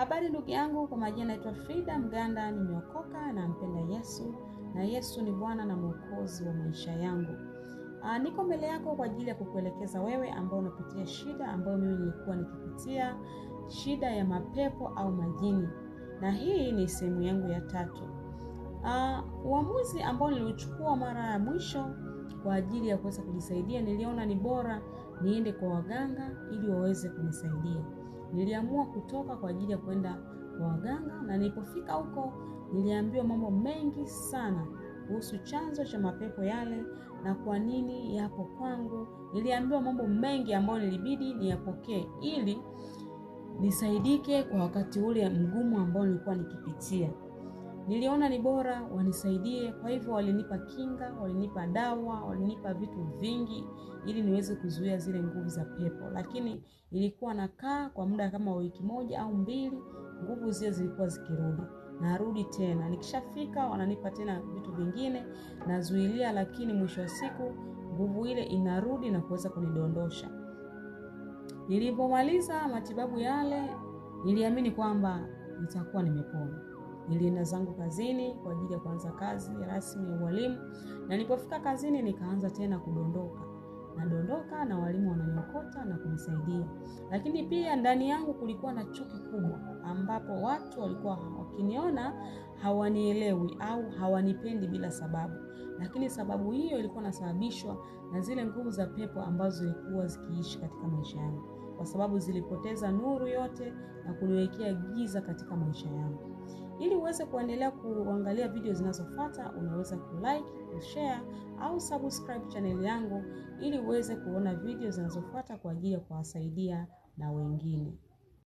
Habari ndugu yangu, kwa majina naitwa Frida Mganda, nimeokoka na mpenda Yesu na Yesu ni Bwana na Mwokozi wa maisha yangu. Aa, ah, niko mbele yako kwa ajili ya kukuelekeza wewe ambao unapitia shida ambayo mimi nilikuwa nikipitia, shida ya mapepo au majini, na hii ni sehemu yangu ya tatu. Aa, ah, uamuzi ambao niliuchukua mara ya mwisho kwa ajili ya kuweza kujisaidia, niliona ni bora niende kwa waganga ili waweze kunisaidia niliamua kutoka kwa ajili ya kwenda kwa waganga, na nilipofika huko niliambiwa mambo mengi sana kuhusu chanzo cha mapepo yale na kwa nini yapo kwangu. Niliambiwa mambo mengi ambayo nilibidi niyapokee ili nisaidike kwa wakati ule mgumu ambao nilikuwa nikipitia. Niliona ni bora wanisaidie, kwa hivyo walinipa kinga, walinipa dawa, walinipa vitu vingi ili niweze kuzuia zile nguvu za pepo. Lakini ilikuwa nakaa kwa muda kama wiki moja au mbili, nguvu zile zilikuwa zikirudi. Narudi tena, nikishafika wananipa tena vitu vingine, nazuilia, lakini mwisho wa siku nguvu ile inarudi na kuweza kunidondosha. Nilipomaliza matibabu yale, niliamini kwamba nitakuwa nimepona. Nilienda zangu kazini kwa ajili ya kuanza kazi rasmi ya ualimu, na nilipofika kazini nikaanza tena kudondoka nadondoka na walimu wananiokota na kunisaidia, lakini pia ndani yangu kulikuwa na chuki kubwa, ambapo watu walikuwa wakiniona hawanielewi au hawanipendi bila sababu. Lakini sababu hiyo ilikuwa nasababishwa na zile nguvu za pepo ambazo zilikuwa zikiishi katika maisha yangu, kwa sababu zilipoteza nuru yote na kuniwekea giza katika maisha yangu. Ili uweze kuendelea kuangalia video zinazofuata, unaweza kulike, kushare au subscribe chaneli yangu ili uweze kuona video zinazofuata kwa ajili ya kuwasaidia na wengine.